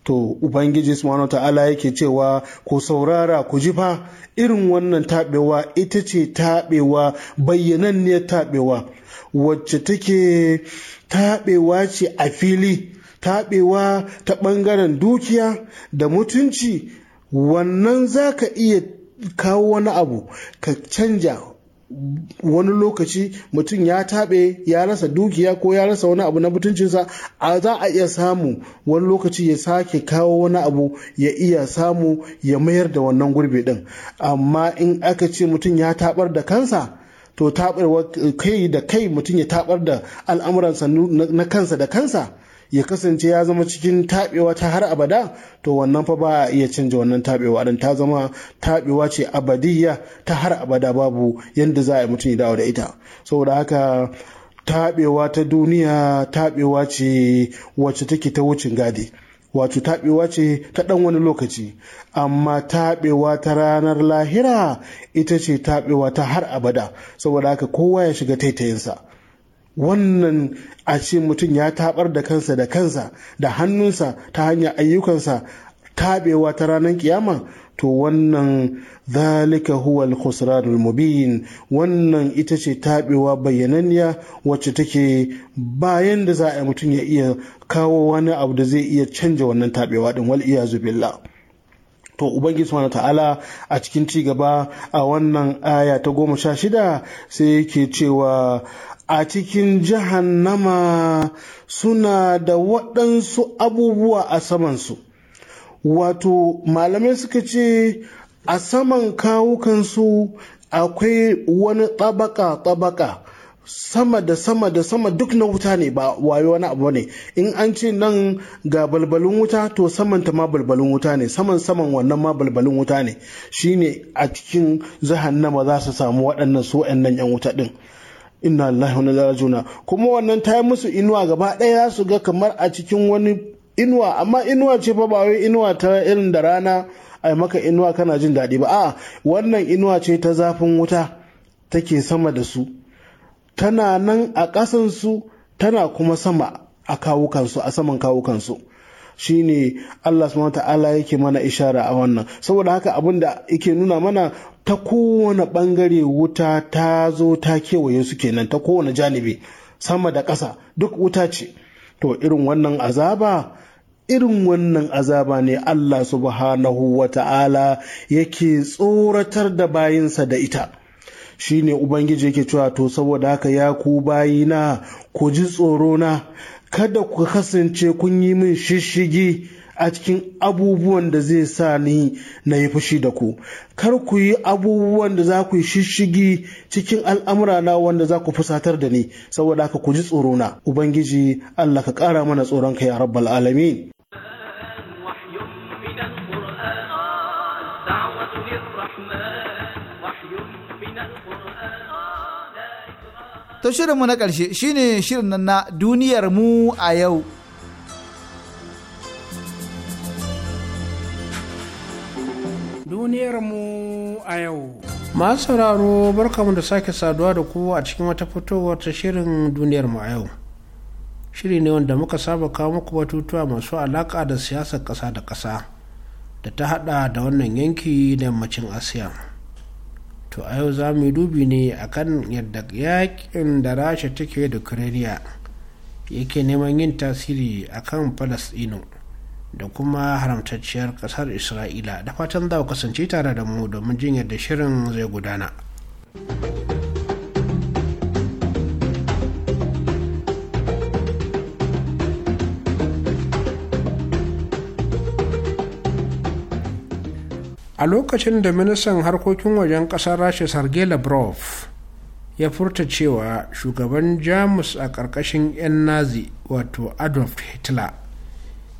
to ubangiji subhanahu ta'ala yake cewa ko saurara ku ji fa irin wannan tabewa ita ce tabewa bayyananniyar tabewa wacce take tabewa ce a fili tabewa ta bangaren dukiya da mutunci wannan za ka iya kawo wani abu ka canja wani lokaci mutum ya taɓe ya rasa dukiya ko ya rasa wani abu na mutuncinsa a za a iya samu wani lokaci ya sake kawo wani abu ya iya samu ya mayar da wannan gurbe ɗin amma in aka ce mutum ya taɓar da kansa to taɓar kai da kai mutum ya taɓar da al'amuransa na kansa da kansa ya kasance ya zama cikin taɓewa ta har abada to wannan fa ba a iya canja wannan taɓewa dan ta zama taɓewa ce abadiyya ta har abada babu yadda za a yi mutum ya dawo da ita saboda haka taɓewa ta duniya taɓewa ce wacce take ta wucin gadi wato taɓewa ce ta ɗan wani lokaci amma taɓewa ta ranar lahira ita ce taɓewa ta har abada saboda haka kowa ya shiga taitayinsa wannan a ce mutum ya tabar da kansa da kansa da hannunsa ta hanyar ayyukansa tabewa ta ranar kiyama to wannan zalika huwa al mubin wannan ita ce tabewa bayyananniya wacce take bayan da za a yi mutum ya iya kawo wani abu da zai iya canja wannan tabewa din wal iyazu billah to ubangiji subhanahu ta'ala a cikin ci gaba a wannan aya ta goma sha shida sai yake cewa a cikin jahannama suna da waɗansu abubuwa a samansu wato malamai suka ce a saman kawukansu akwai wani tabaka tabaka sama da sama da sama duk na wuta ne ba wayo wani abu ne in an ce nan ga balbalin wuta to samanta ma balbalin wuta ne saman saman wannan ma balbalin wuta ne shine a cikin jahannama za su samu waɗannan su nan yan wuta ɗin. inna lillahi wa inna ilaihi kuma wannan ta yi musu inuwa gaba ɗaya za su ga kamar a cikin wani inuwa amma inuwa ce fa ba wai inuwa ta irin da rana ai maka inuwa kana jin daɗi ba a'a wannan inuwa ce ta zafin wuta take sama da su tana nan a ƙasansu tana kuma sama a kawukansu a saman kawukansu Shi ne Allah subhanahu ta'ala yake mana ishara a wannan saboda haka abin da yake nuna mana ta kowane bangare wuta ta zo ta kewaye su kenan ta kowane janibi sama da ƙasa duk wuta ce to irin wannan azaba irin wannan azaba ne Allah subhanahu wa ta'ala yake tsoratar da bayinsa da ita Shi ne ubangiji yake cewa to saboda haka ya ku bayina ku ji tsorona, kada ku kasance kun yi min shishigi a cikin abubuwan da zai sa ni na yi fushi da ku kar ku yi abubuwan da za ku yi shishigi cikin al'amura na wanda za ku fusatar da ni saboda haka ku ji tsoro na ubangiji Allah ka ƙara mana tsoron ka ya rabbal alamin To shirinmu na ƙarshe shine shirin na duniyar mu a yau. Duniyar mu a yau. Masu sauraro barkamu da sake saduwa da ku a cikin wata fitowar ta shirin duniyar mu a yau. Shiri ne wanda muka saba kawo muku batutuwa masu alaƙa da siyasar ƙasa da ƙasa da ta hada da wannan yanki da yammacin Asiya. to a yau za mu yi dubi ne akan yadda yakin da rasha take da ukraina yake neman yin tasiri akan falasɗinu da kuma haramtacciyar kasar isra'ila da fatan za kasance tare da mu domin jin yadda shirin zai gudana. a lokacin da ministan harkokin wajen ƙasar rasha sergei lavrov ya furta cewa shugaban jamus a ƙarƙashin 'yan nazi wato adolf hitler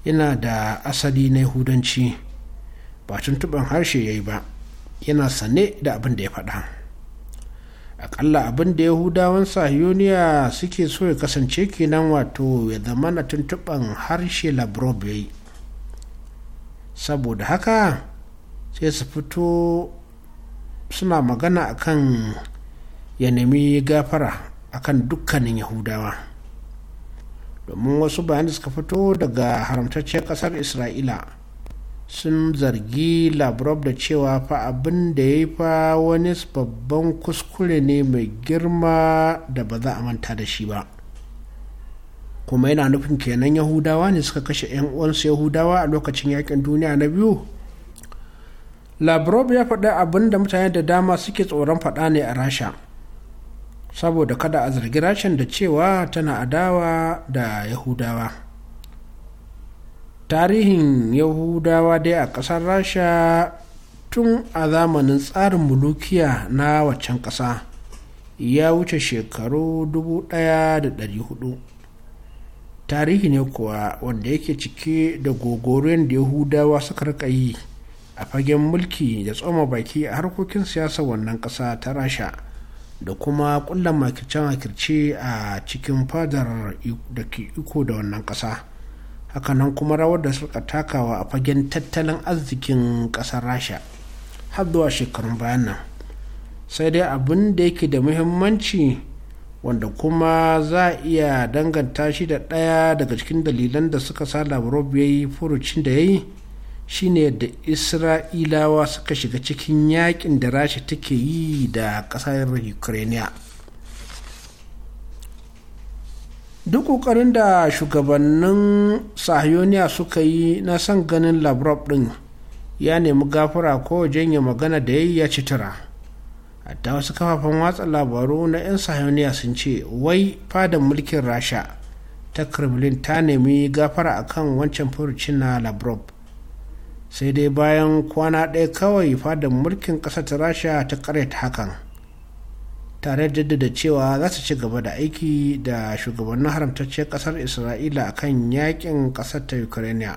yana da asali na yahudanci ba tuntuɓin harshe ya yi ba yana sane da abin da ya faɗa aƙalla abin da yahudawan sahiyoniya suke so ya kasance kenan wato ya zama na tuntuɓin harshe lavrov ya yi saboda haka sai su fito suna magana akan ya nemi gafara a kan dukkanin yahudawa domin wasu bayan suka fito daga haramtacciyar ƙasar isra'ila sun zargi lavrov da cewa fa abin da ya yi fa wani babban kuskure ne mai girma da ba za a manta da shi ba kuma yana nufin kenan yahudawa ne suka kashe 'yan uwansu yahudawa a lokacin yakin duniya na biyu labrob ya faɗi abin da mutane da dama suke tsoron faɗa ne a rasha saboda kada a zargi rashin da cewa tana adawa da yahudawa tarihin yahudawa dai a ƙasar rasha tun a zamanin tsarin mulukiya na waccan ƙasa ya wuce shekaru 1400 tarihi ne kuwa wanda yake cike da gogoron da yahudawa suka rika yi a fagen mulki da tsoma baki a harkokin siyasa wannan ƙasa ta rasha da kuma ƙulla makircen makirce a cikin fadar da ke iko da wannan ƙasa hakanan kuma rawar da suka takawa a fagen tattalin arzikin ƙasar rasha har zuwa shekarun bayan nan sai dai abin da yake da muhimmanci wanda kuma za a iya danganta shi da ɗaya daga cikin dalilan da suka sa lavrov ya yi furucin da ya yi shine yadda isra'ilawa suka shiga cikin yakin da rasha take yi da ƙasar ukraine duk ƙoƙarin da shugabannin sahioniya suka yi na son ganin lavrov ɗin ya nemi gafara ko wajen janye magana da ya yi ya ci tura hatta wasu kafafen watsa labaru na 'yan sahioniya sun ce wai fadan mulkin rasha ta kremlin ta nemi gafara akan wancan furucin na lavrov sai dai bayan kwana ɗaya kawai fadar mulkin ƙasar ta rasha ta ƙaryata hakan tare jaddada cewa za su ci gaba da aiki da shugabannin haramtacciyar ƙasar isra'ila a kan yaƙin ƙasar ta ukraine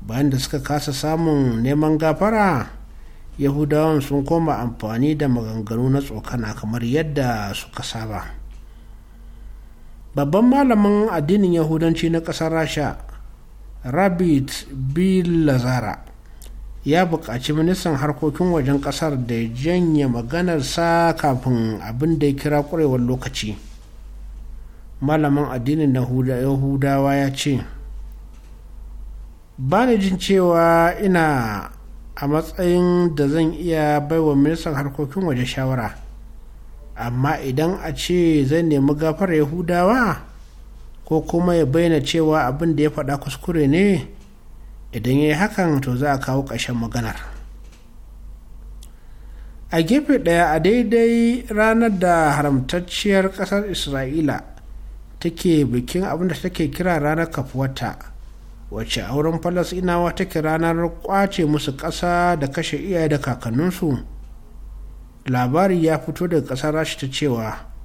bayan da suka kasa samun neman gafara yahudawan sun koma amfani da maganganu na tsokana kamar yadda suka saba babban malamin addinin yahudanci na ƙasar rasha rabbit bill lazara ya buƙaci ministan harkokin wajen ƙasar da ya janye maganarsa kafin abin da ya kira ƙwarewar lokaci malamin addinin na yahudawa ya ce ba ni jin cewa ina a matsayin da zan iya baiwa ministan harkokin wajen shawara amma idan a ce zai nemi gafar yahudawa ko kuma ya bayyana cewa abin da ya faɗa kuskure ne idan ya yi hakan to za a kawo ƙarshen maganar a gefe ɗaya a daidai ranar da haramtacciyar ƙasar isra'ila take bikin abin da take kira ranar kafuwata wacce auren wurin falasinawa take ranar ƙwace musu ƙasa da kashe iyaye da kakanninsu labari ya fito daga ƙasar rashi ta cewa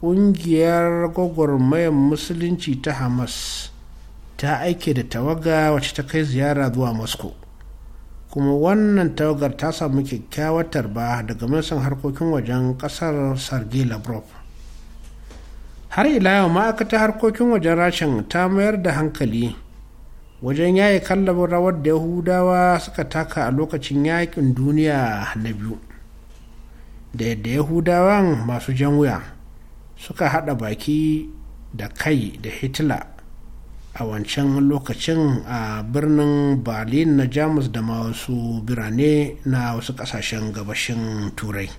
ƙungiyar gwagwarmayar musulunci ta hamas ta aike da tawaga wacce ta kai ziyara zuwa moscow kuma wannan tawagar ta samu kyakkyawar tarba daga minisan harkokin wajen kasar sergei lavrov har ila yau ma'aikatar harkokin wajen rashin ta mayar da hankali wajen yayi kallabin rawar da yahudawa suka taka a lokacin yakin duniya na biyu da yadda yahudawan masu jan wuya suka haɗa baki da kai da hitler a wancan lokacin a birnin berlin na jamus da masu birane na wasu ƙasashen gabashin turai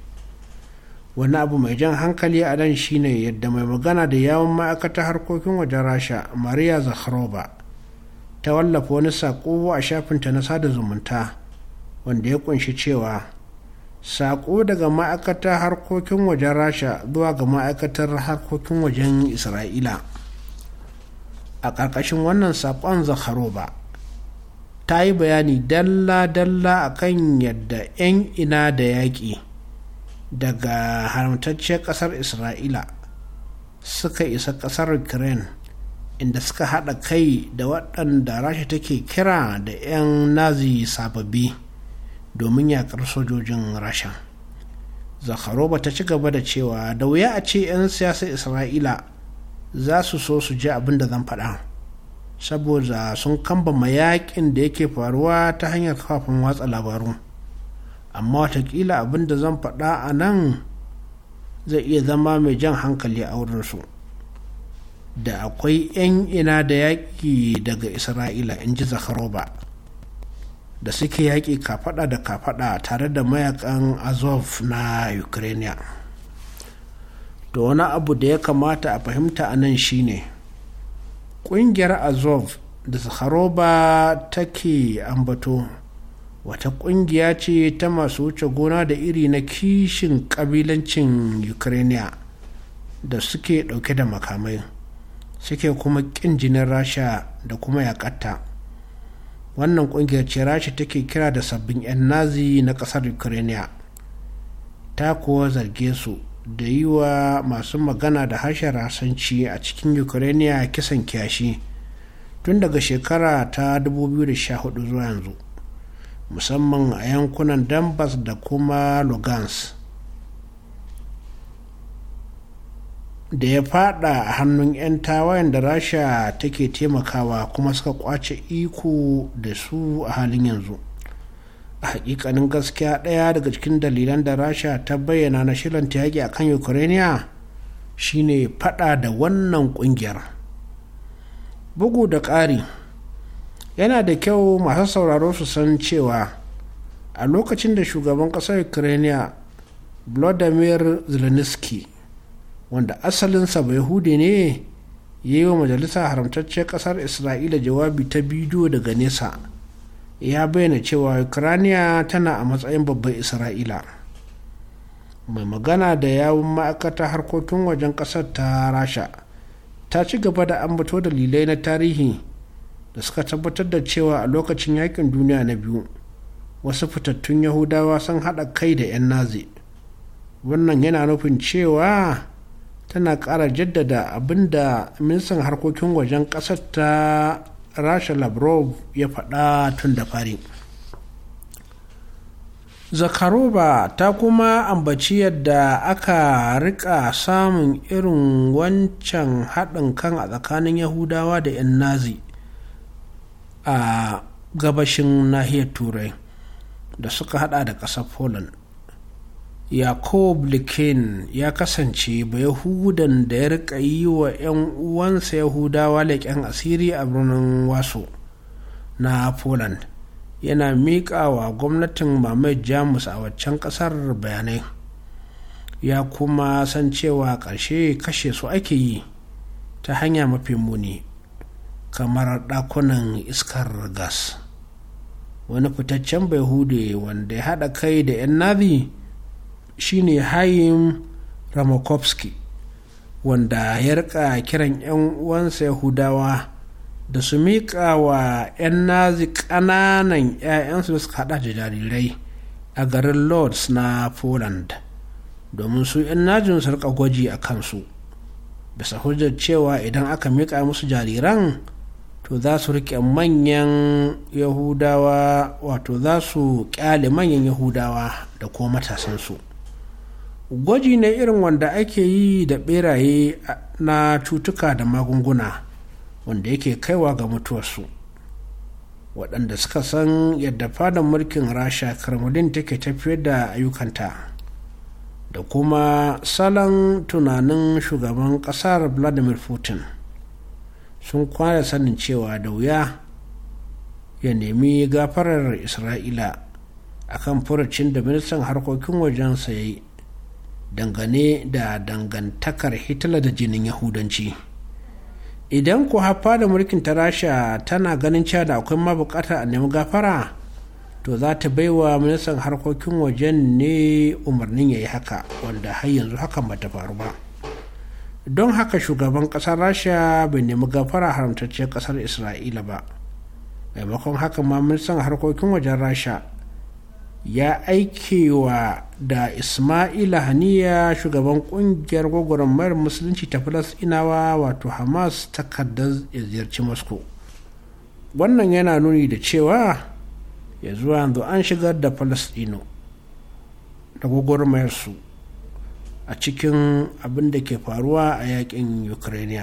wani abu mai jan hankali a dan shine yadda mai magana da yawon ma'aikatar harkokin wajen rasha maria zakharova ta wallafa wani saƙo a shafinta na sada zumunta wanda ya kunshi cewa saƙo daga ma'aikatar harkokin wajen rasha zuwa ga ma'aikatar harkokin wajen isra'ila a ƙarƙashin wannan saƙon zakharova ta yi bayani dalla-dalla a kan yadda 'yan ina da yaƙi daga haramtacciyar ƙasar isra'ila suka isa ƙasar ukraine inda suka haɗa kai da waɗanda rasha take kira da 'yan nazi sababbi. domin yakar sojojin rasha zakharova ta ci gaba da cewa da wuya a ce 'yan siyasar isra'ila za su so su ji abin da zan faɗa saboda sun kambama yaƙin da yake faruwa ta hanyar kafafen watsa labaru amma watakila abin da zan faɗa a nan zai iya zama mai jan hankali a wurinsu da akwai 'yan ina da yaƙi daga isra'ila in ji zakharova da suke yaƙi kafaɗa da kafaɗa tare da mayakan azov na ukraine da wani abu da ya kamata a fahimta a nan shine ƙungiyar azov da sakharoba take ambato wata ƙungiya ce ta masu wuce gona da iri na kishin ƙabilancin ukraine da suke ɗauke da makamai suke kuma ƙin jinin rasha da kuma yakatta. wannan kungiyar ce rasha take kira da sabbin 'yan nazi na kasar ukraine ta kuwa zarge su da yi wa masu magana da harshen rasanci a cikin ukraine kisan kyashi tun daga shekara ta 2014 zuwa yanzu musamman a yankunan donbass da kuma lugansk da ya fada a hannun 'yan tawayen da rasha take taimakawa kuma suka kwace iko da su a halin yanzu a hakikanin gaskiya ɗaya daga cikin dalilan da rasha ta bayyana na shirin ta yaƙi a kan ukraine shine fada da wannan ƙungiyar bugu da ƙari yana da kyau masu sauraro su san cewa a lokacin da shugaban ƙasar ukraine vladimir zelensky wanda asalinsa bai yahudi ne ya yi wa majalisa haramtacce ƙasar isra'ila jawabi ta bidiyo daga nesa ya bayyana cewa ukraniya tana a matsayin babban isra'ila mai magana da yawun ma'aikata harkokin wajen ƙasar ta rasha ta ci gaba da ambato dalilai na tarihi da suka tabbatar da cewa a lokacin yakin duniya na biyu wasu fitattun yahudawa sun haɗa kai da 'yan nazi wannan yana nufin cewa tana ƙara jaddada abin da ministan harkokin wajen ƙasar ta rasha lavrov ya faɗa tun da fari zakaroba ta kuma ambaci yadda aka rika samun irin wancan haɗin kan a tsakanin yahudawa da 'yan nazi a gabashin nahiyar turai da suka hada da ƙasar poland yakob likin ya kasance Bayahudan da ya rika yi wa 'yan uwansa Yahudawa leƙen asiri a birnin Waso na Poland, yana miƙa wa gwamnatin mamaye Jamus a waccan ƙasar bayanai. Ya kuma san cewa ƙarshe kashe su ake yi ta hanya mafi muni, kamar ɗakunan iskar gas. Wani fitaccen hude wanda ya haɗa kai da 'yan Nazi. shine hayim ramakovsky wanda ya rika kiran 'yan uwansa yahudawa da su miƙa wa 'yan nazi ƙananan 'ya'yansu da suka hada da jarirai a garin lords na poland domin su 'yan najin su rika gwaji a kansu bisa hujjar cewa idan aka miƙa musu jariran to za su riƙe manyan yahudawa wato za su ƙyale manyan yahudawa da ko matasansu. gwaji ne irin wanda ake yi da beraye na cutuka da magunguna wanda yake kaiwa ga mutuwarsu waɗanda suka san yadda fadan mulkin rasha kremlin take tafiyar da ayyukanta da kuma salon tunanin shugaban ƙasar vladimir putin sun kwana sanin cewa da wuya ya nemi gafarar isra'ila akan furucin da ministan harkokin wajen sayi dangane da dangantakar hitler da jinin yahudanci idan ku haffa da mulkin ta rasha tana ganin cewa da akwai ma a nemi gafara to za ta baiwa ministan harkokin wajen ne umarnin ya yi haka wanda har yanzu hakan bata faru ba don haka shugaban ƙasar rasha bai nemi gafara haramtacciyar ƙasar isra'ila ba maimakon haka ma ministan harkokin wajen rasha ya aikewa da ismaila haniya shugaban kungiyar gwagwarmayar musulunci ta falasɗinawa wato hamas takardar ya ziyarci moscow wannan yana nuni da cewa ya zuwa yanzu an shigar da falasɗinu da su a cikin abin da ke faruwa a yakin ukraine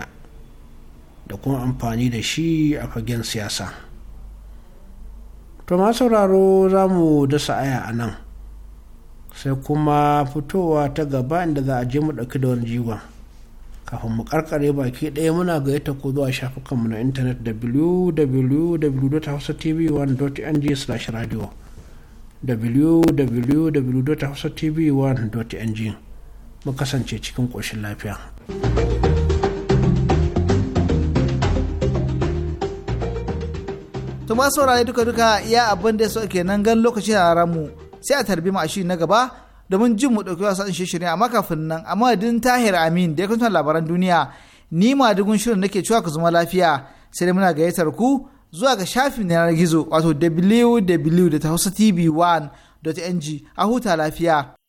da kuma amfani da shi a fagen siyasa. to ma sauraro za mu dasa aya a nan sai kuma fitowa ta gaba inda za a je mu ɗauki da wani jiwa. kafin mu karkare baki ɗaya muna gayyata ko zuwa shafukanmu na intanet www.hausatv1.ng/radio www.hausatv1.ng mu kasance cikin ƙoshin lafiya. to ma saurare duka duka ya abin da so nan gan lokaci a mu sai a tarbi mu na gaba domin jin mu ɗauki wasu shirye shirye amma kafin nan a madadin tahir amin da ya kuntar labaran duniya ni ma dugun shirin nake cewa ku zama lafiya sai dai muna gayyatar ku zuwa ga shafin yanar gizo wato ta 1ng a huta lafiya.